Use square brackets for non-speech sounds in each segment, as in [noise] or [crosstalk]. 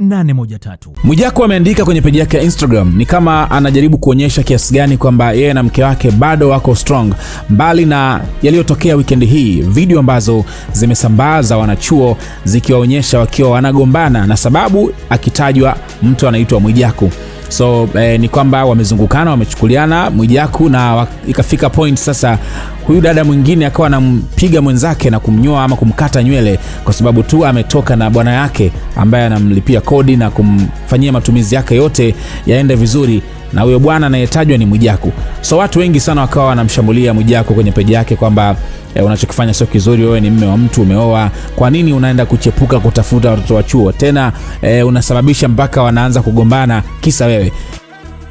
813. Mwijaku ameandika kwenye peji yake ya Instagram ni kama anajaribu kuonyesha kiasi gani kwamba yeye na mke wake bado wako strong mbali na yaliyotokea wikendi hii, video ambazo zimesambaa za wanachuo zikiwaonyesha wakiwa wanagombana na sababu akitajwa mtu anaitwa Mwijaku. So eh, ni kwamba wamezungukana, wamechukuliana Mwijaku, na ikafika point sasa huyu dada mwingine akawa anampiga mwenzake na kumnyoa ama kumkata nywele kwa sababu tu ametoka na bwana yake ambaye anamlipia kodi na kumfanyia matumizi yake yote yaende vizuri na huyo bwana anayetajwa ni Mwijaku. So watu wengi sana wakawa wanamshambulia Mwijaku kwenye peji yake kwamba e, unachokifanya sio kizuri, wewe ni mme wa mtu, umeoa, kwa nini unaenda kuchepuka kutafuta watoto wa chuo tena? E, unasababisha mpaka wanaanza kugombana kisa wewe.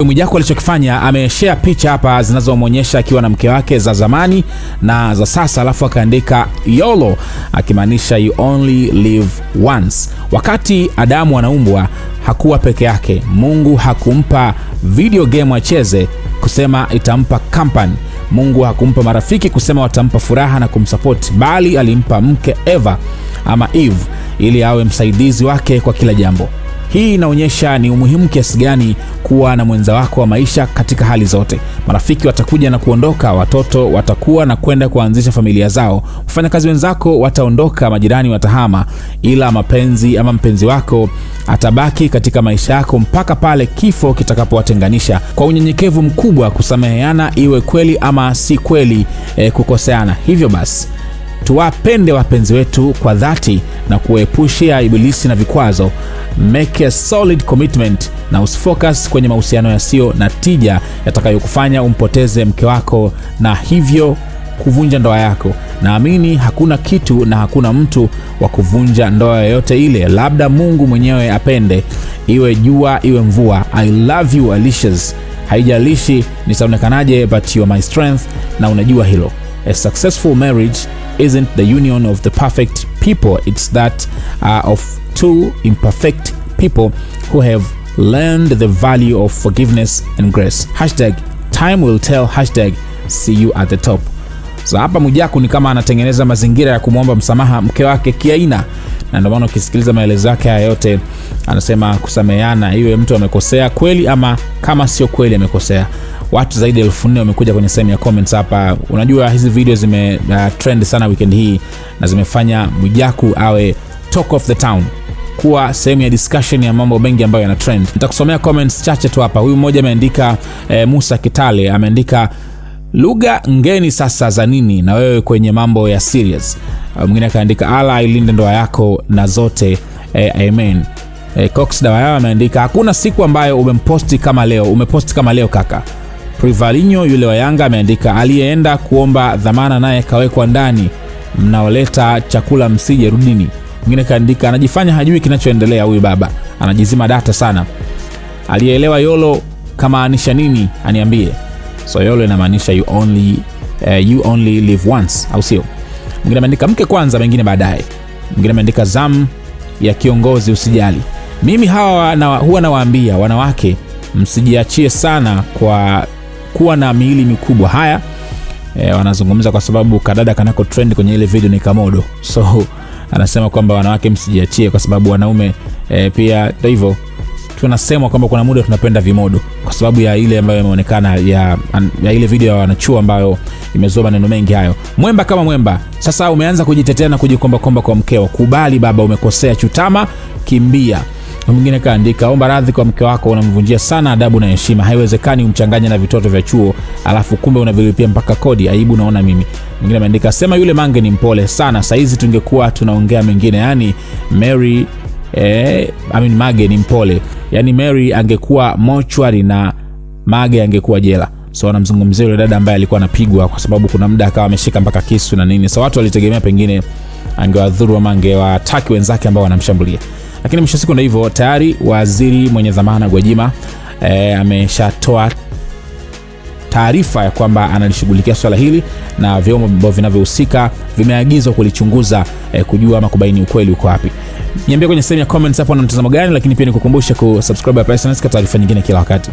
Mwijaku alichokifanya ameshare picha hapa zinazomwonyesha akiwa na mke wake za zamani na za sasa, alafu akaandika YOLO akimaanisha you only live once. Wakati Adamu anaumbwa hakuwa peke yake. Mungu hakumpa video game acheze kusema itampa kampani. Mungu hakumpa marafiki kusema watampa furaha na kumsapoti, bali alimpa mke Eva ama Eve ili awe msaidizi wake kwa kila jambo. Hii inaonyesha ni umuhimu kiasi gani kuwa na mwenza wako wa maisha katika hali zote. Marafiki watakuja na kuondoka, watoto watakuwa na kwenda kuanzisha familia zao, wafanyakazi wenzako wataondoka, majirani watahama, ila mapenzi ama mpenzi wako atabaki katika maisha yako mpaka pale kifo kitakapowatenganisha. Kwa unyenyekevu mkubwa, kusameheana, iwe kweli ama si kweli, e, kukoseana. Hivyo basi tuwapende wapenzi wetu kwa dhati na kuwaepushia ibilisi na vikwazo. Make a solid commitment na usifocus kwenye mahusiano yasiyo na tija yatakayokufanya umpoteze mke wako na hivyo kuvunja ndoa yako. Naamini hakuna kitu na hakuna mtu wa kuvunja ndoa yoyote ile, labda Mungu mwenyewe apende, iwe jua iwe mvua. I love you Alicia's, haijalishi nitaonekanaje, but you are my strength, na unajua hilo. A successful marriage isn't the union of the perfect people, it's that uh, of two imperfect people who have learned the value of forgiveness and grace. Hashtag time will tell, hashtag see you at the top. So hapa Mwijaku ni kama anatengeneza mazingira ya kumwomba msamaha mke wake Kiaina na ndio maana ukisikiliza maelezo yake haya yote anasema kusameheana, iwe mtu amekosea kweli ama kama sio kweli amekosea. Watu zaidi ya elfu wamekuja kwenye sehemu ya comments hapa. Unajua hizi video zime uh, trend sana weekend hii na zimefanya Mwijaku awe talk of the town kuwa sehemu ya discussion ya mambo mengi ambayo yana trend. Nitakusomea comments chache tu hapa. Huyu mmoja ameandika eh, Musa Kitale ameandika lugha ngeni sasa za nini na wewe kwenye mambo ya serious. Uh, mwingine akaandika ala ilinde ndoa yako na zote eh, amen. Eh, Cox dawa yao ameandika hakuna siku ambayo umemposti kama leo, umeposti kama leo kaka. privalinyo yule wa Yanga ameandika aliyeenda kuomba dhamana naye kawekwa ndani, mnaoleta chakula msije rudini. Mwingine akaandika anajifanya hajui kinachoendelea huyu baba, anajizima data sana. Aliyeelewa yolo kamaanisha nini aniambie. Soyolo inamaanisha you only, uh, you only live once, au sio? Mwingine ameandika mke kwanza, mengine baadaye. Mwingine ameandika zamu ya kiongozi, usijali. Mimi hawa na, huwa nawaambia wanawake msijiachie sana kwa kuwa na miili mikubwa. Haya e, wanazungumza kwa sababu kadada kanako trend kwenye ile video ni Kamodo, [laughs] so anasema kwamba wanawake msijiachie kwa sababu wanaume e, pia hivyo tunasemwa kwamba kuna muda tunapenda vimodo kwa sababu ya ile ambayo imeonekana ya, ya ile video ya wanachuo ambayo imezoa maneno mengi hayo. Mwemba kama mwemba, sasa umeanza kujitetea na kujikombakomba kwa mkeo. Kubali baba, umekosea. Chutama, kimbia. Mwingine kaandika, omba radhi kwa mke wako, unamvunjia sana adabu na heshima. Haiwezekani umchanganye na vitoto vya chuo, alafu kumbe unavilipia mpaka kodi. Aibu naona mimi. Mwingine ameandika, sema yule Mange ni mpole sana, saizi tungekuwa tunaongea mengine. Yani Mary eh, I mean Mage ni mpole, yaani Mary angekuwa mochwari na Mage angekuwa jela. So wanamzungumzia yule dada ambaye alikuwa anapigwa, kwa sababu kuna muda akawa ameshika mpaka kisu na nini. So watu walitegemea pengine angewadhuru ama angewataki wenzake ambao wanamshambulia, lakini mwisho siku ndio hivyo. Tayari waziri mwenye dhamana Gwajima eh, ameshatoa taarifa ya kwamba analishughulikia swala hili na vyombo ambavyo vinavyohusika vimeagizwa kulichunguza eh, kujua ama kubaini ukweli uko wapi. Niambia kwenye sehemu ya comments hapo na mtazamo gani, lakini pia nikukumbusha kusubscribe hapa SnS kwa taarifa nyingine kila wakati.